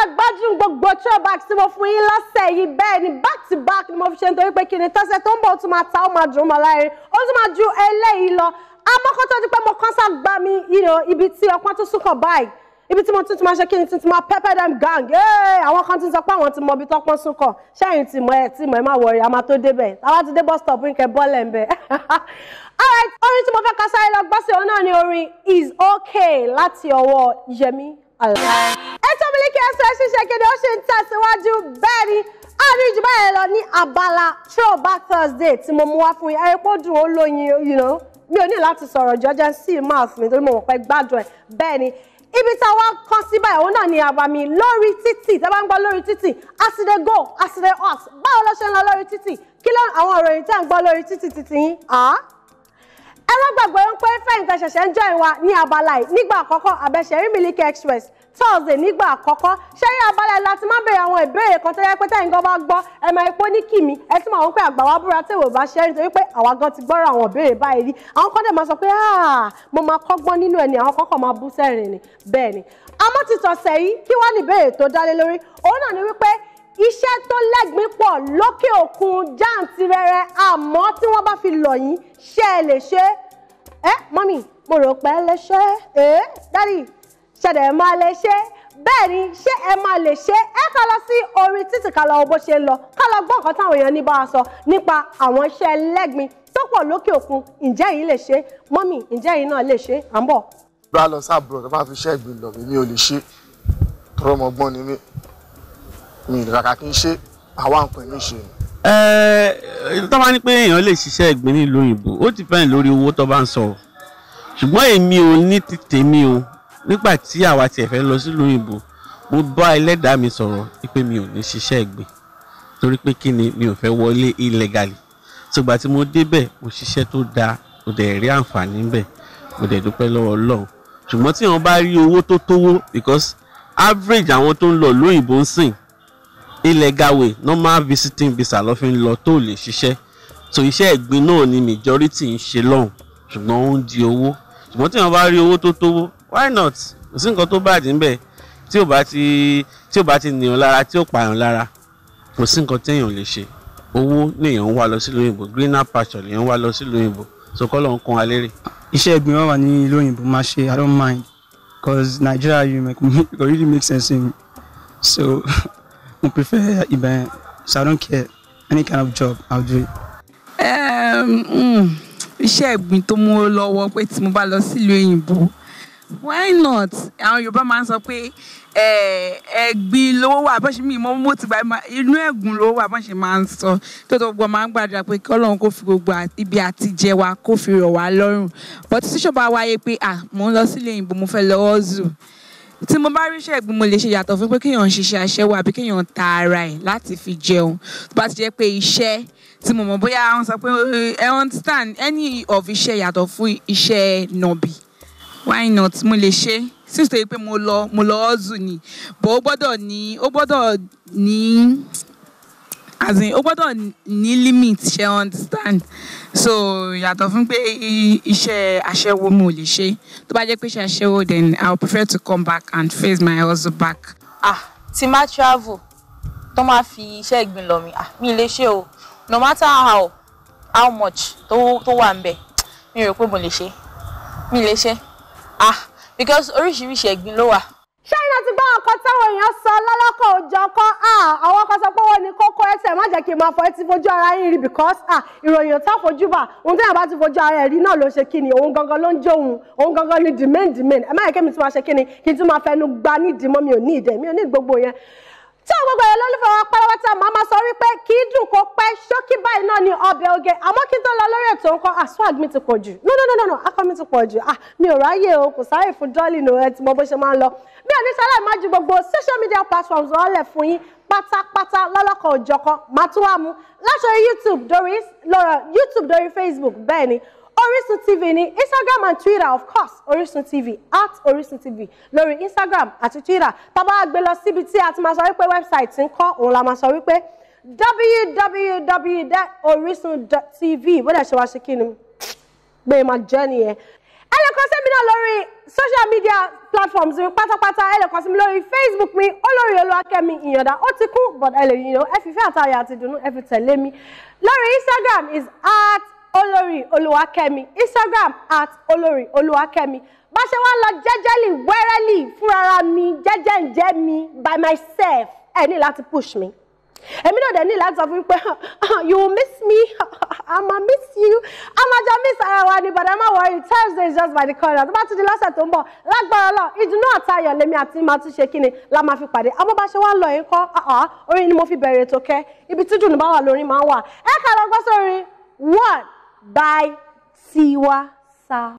ṣe gbádùn gbogbo throwback tí mo fún yín lọ́sẹ̀ yìí bẹ́ẹ̀ ni back to back ni mo fi ṣe nítorí pé kíni tọ́sẹ̀ tó ń bọ̀ ó máa ta ó máa dùn ó máa láyé ó tún máa ju eléyìí lọ amọ́kọ́ tó di pé mo kọ́sà gbá mi ibi tí ọpọ́n tún súnkàn báyìí ibi tí mo tún ti máa ṣe kíni tún ti máa pepper dem gang àwọn kan ti sọ pé àwọn ti mọ ibi tọ́pọ́n súnkàn ṣẹ́yìn tì mọ́ ẹ̀ tì mọ́ ẹ má wọrí a máa tó débẹ̀ táwa ti dé bus stop nkẹ́ bọ́ọ̀lẹ̀ ńbẹ̀ orin tí mo fẹ́ ká sáré lọ gbọ́ sí òun náà ni orin is okay láti ọwọ́ Yẹmi ètò Miliki Express ṣiṣẹ́ kéde ó ṣe ń tẹ̀síwájú bẹ́ẹ̀ ni àríjù báyẹn lọ ní abala throwback thursday tí mo mú wá fún yín ẹ̀rẹ́pọ̀ dùn ó lóyin mi ò ní láti sọ̀rọ̀ jọjẹ́ sí mouth mi torí mo mọ̀ pé gbádùn ẹ̀ bẹ́ẹ̀ ni ibi tá a wá kan sí báyìí òun náà ni àbàmì lórí títì tẹ́ bá ń gbọ́ lórí títì aside go aside hot báwo ló ṣe ń lọ lórí títì kí ló àwọn ìròyìn tẹ́ ń gbọ́ lórí títì títì yín ẹ má gbàgbé ń pé fẹ́yìn tẹ ṣẹ̀ṣẹ̀ ń join wa ní abala yìí nígbà àkọ́kọ́ àbẹ̀ṣẹ̀rí Miliki Express Thursday nígbà àkọ́kọ́ ṣẹ́yìn abala yìí láti má béèrè àwọn ìbéèrè kan tó yẹ pé tẹ́yìn gan bá gbọ́ ẹ máa epo ní kìmí ẹ sì máa wọ́n pé àgbà wa búra tèwò bá ṣe rí torí pé àwa gan ti gbọ́rọ̀ àwọn ìbéèrè báyìí rí àwọn kan dẹ̀ máa sọ pé mo máa kọ́gbọ́n nínú ẹni àwọn kọ́kọ́ máa bú sẹ́rìn ni bẹ́ẹ̀ ni àmọ́ ti tọ̀sẹ̀ yìí kí wá ní ìbéèrè tó dálé lórí òun náà ni wípé iṣẹ́ tó lẹ́gbìn pọ̀ lókè òkun jàǹtìrẹrẹ àmọ́ tí wọ́n bá fi lọ̀ yín ṣé ẹ lè ṣe é mọ́mì mo rò pé ẹ lè ṣe é ẹ́ dádì ṣẹ̀dẹ̀ ẹ máa lè ṣe é bẹ́ẹ̀ ni ṣé ẹ máa lè ṣe ẹ ká lọ sí orí títì ká lọ bó ṣe ń lọ ká lọ gbọ́ nǹkan táwọn èèyàn ní bá wa sọ nípa àwọn iṣẹ́ lẹ́gbin tó pọ̀ lókè òkun ǹjẹ́ yìí lè ṣe mọ́mì ǹjẹ́ yìí náà lè ṣe à ń bọ̀. bá a lọ sáàbùrò tó bá fi iṣẹ́ ìgbín lọ mi mi ò lè ṣe tọrọ ọmọ ọgbọ́n ni mi mi ì kàkà kí n ṣe àwa nǹkan mi ṣe. ẹ ẹ eh, tó bá ní pé èèyàn lè ṣiṣẹ́ ìgbín nílùú òyìnbó ó ti fẹ́ ṣùgbọ́n èmi ò ní ti tèmi o nígbà tí àwa tiẹ̀ fẹ́ lọ sílùú òyìnbó mo bá ẹlẹ́dàá mi sọ̀rọ̀ pé mi ò ní ṣiṣẹ́ ẹ̀gbìn torí pé kí ni mi ò fẹ́ wọlé illegally ṣùgbọ́n tí mo débẹ̀ mo ṣiṣẹ́ tó dáa mo dẹ̀ rí àǹfààní bẹ̀ mo dẹ̀ dúpẹ́ lọ́wọ́ Ọlọ́run ṣùgbọ́n tí wọ́n bá rí owó tó tówó because average àwọn tó ń lọ lóyìnbó ń sìn illegal way normal visiting visa ló fi ń lọ tó lè ṣiṣẹ́ so iṣẹ́ ẹ̀gbin náà ni majority ń ṣe lọ́hùn ṣùgbọ́n ó ń di owó ṣùgbọ́n tí wọ́n bá rí owó tó tówó why not kò sí nǹkan tó bàjẹ́ ńbẹ̀ tí ò bá ti tí ò bá ti nìyàn lára tí ò pààyàn lára kò sí nǹkan téèyàn lè ṣe owó lèèyàn ń wá lọ sílùú òyìnbó greener pasture lèèyàn ń wá lọ sílùú òyìnbó so kọ́ ló ń kún wa lérè. iṣẹ́ ìgbìn wọn wà ní ìlú òyìnbó máa ṣe i don't mind cause Nigeria you make it really make sense to me so mo prefer ibẹ̀ so i don't care any kind of job I'll do it. Um, mm iṣẹ́ ẹ̀gbìn tó mú lọ́wọ́ pé tí mo bá lọ sílùú òyìnbó why not àwọn Yorùbá máa ń sọ pé ẹ̀gbìn lówó wà bọ́n ṣe mí mo mo ti gba inú ẹ̀gùn lówó wà bọ́n ṣe máa ń sọ tó tó gbọ́ máa ń gbàdúrà pé kí Ọlọ́run kó fi gbogbo ibi àti jẹ wa kó fi rọ̀ wá lọ́rùn but tíṣọ́ bá wáyé pé ah mo ń lọ sílùú òyìnbó mo fẹ́ lọ́wọ́ zoo tí mo bá rí iṣẹ́ ẹ̀gbin mo lè ṣe yàtọ̀ fún pé kéèyàn ń ṣiṣẹ́ aṣẹ́wó àbí kéèyàn ta ara ẹ̀ láti fi jẹun tó bá ti jẹ́ pé iṣẹ́ tí mo mọ̀ bóyá wọ́n sọ pé ẹ understand any of iṣẹ́ yàtọ̀ fún iṣẹ́ nọ̀bì why not mo lè ṣe sísè pé mo lọ mo lọ ọ́zù ni bọ̀ gbọ́dọ̀ ní ó gbọ́dọ̀ ní as in ó gbọ́dọ̀ ní limit ṣe understand so yàtọ̀ fún pé iṣẹ́ aṣẹ́wó mi ò lè ṣe tó bá jẹ́ pé iṣẹ́ aṣẹ́wó then i would prefer to come back and face my hustle back. ah tí má travel tó máa fi iṣẹ́ ìgbín lọ mi ah, mi lè ṣe o no matter how how much tó tó wà ń bẹ̀ mi rò pé mo lè ṣe mi lè ṣe ah because oríṣiríṣi ẹ̀gbin ló wà ṣáínà ti gbọ́ ọkọ̀ táwọn èèyàn sọ lọ́lọ́kọ̀ òjọ kọ́ àwọn ọkọ̀ sọ pé wọ́n ní kókó ẹsẹ̀ má jẹ́ kí n máa fọ ẹtí fojú ara yín rí because ìròyìn tó fojú bà òun tó yàn bá ti fojú ara ẹ̀ rí náà ló ṣe kíni òun gangan ló ń jó òun òun gangan ni the ẹ má yẹ kí mi tún máa ṣe kíni kí n tún máa fẹnu gba nídìí mọ́ mi ò ní ìdẹ mi ò ní gbogbo yẹn tí àwọn gbogbo ẹ̀rọ lólùfẹ́ wa pátápátá màá máa sọ wípé kì í dùn kó pẹ́ ṣókí báyìí náà ni ọbẹ̀ oge àmọ́ kí n tó lọ lórí ètò nǹkan ah, àswag mi ti pọ̀ jù no no no no akọ mi ti pọ̀ jù ah mi ò ráyè o kò sáré fún dọ́ọ̀lì nù ẹ ti mọ bó ṣe máa ń lọ bí ẹni ṣe aláìmájú gbogbo social media platforms ọ̀lẹ̀ fún yín pátápátá lọ́lọ́kan òjọ̀kan màá láṣọ youtube dorí lọ́rọ̀ youtube dorí facebook bẹ́ẹ̀ ni Orisun TV ní Instagram and Twitter of course Orisun TV at Orisun TV lórí Instagram at Twitter Papa Agbelo, lọ at tí website ń kọ́ òun la máa sọ wípé www.orisun.tv bọ́dà ṣe wá ṣe kí ni gbé e ma jẹ́ nìyẹn ẹ social media platforms mi pátápátá ẹ lè kàn sí mi lórí facebook mi olórí olúwakẹ́mi ìyàndá ó ti kún but ẹ lè yín o ẹ fi fẹ́ àtàrí àti ìdùnnú ẹ fi tẹ̀lé mi instagram is at Olori Oluwakemi instagram at Olori Oluwakemi. bá ṣe wá lọ jẹ́jẹ́lì wẹ́rẹ́lì fúnra mi jẹ́jẹ́ ǹjẹ́ mi by myself ẹ ní láti push mi èmi náà dẹ̀ ní láti sọ fún pé ah, you miss me i'ma miss you i'ma jọ miss ara wa ni but i'm not worried just by the corner tó bá ti di lọ́sẹ̀ tó ń bọ̀ lágbára lọ ìdùnnú àtayọ̀ lèmi àti máa tún ṣe kíni la ma fi pàdé àmọ́ bá ṣe wá lọ yín kọ́ ah, ah, orin ni mo fi bẹ̀rẹ̀ tó kẹ́ ibi tí dùnú bá wà lórí máa ń wà ẹ lọ gbọ́ sórí one. by siwa sa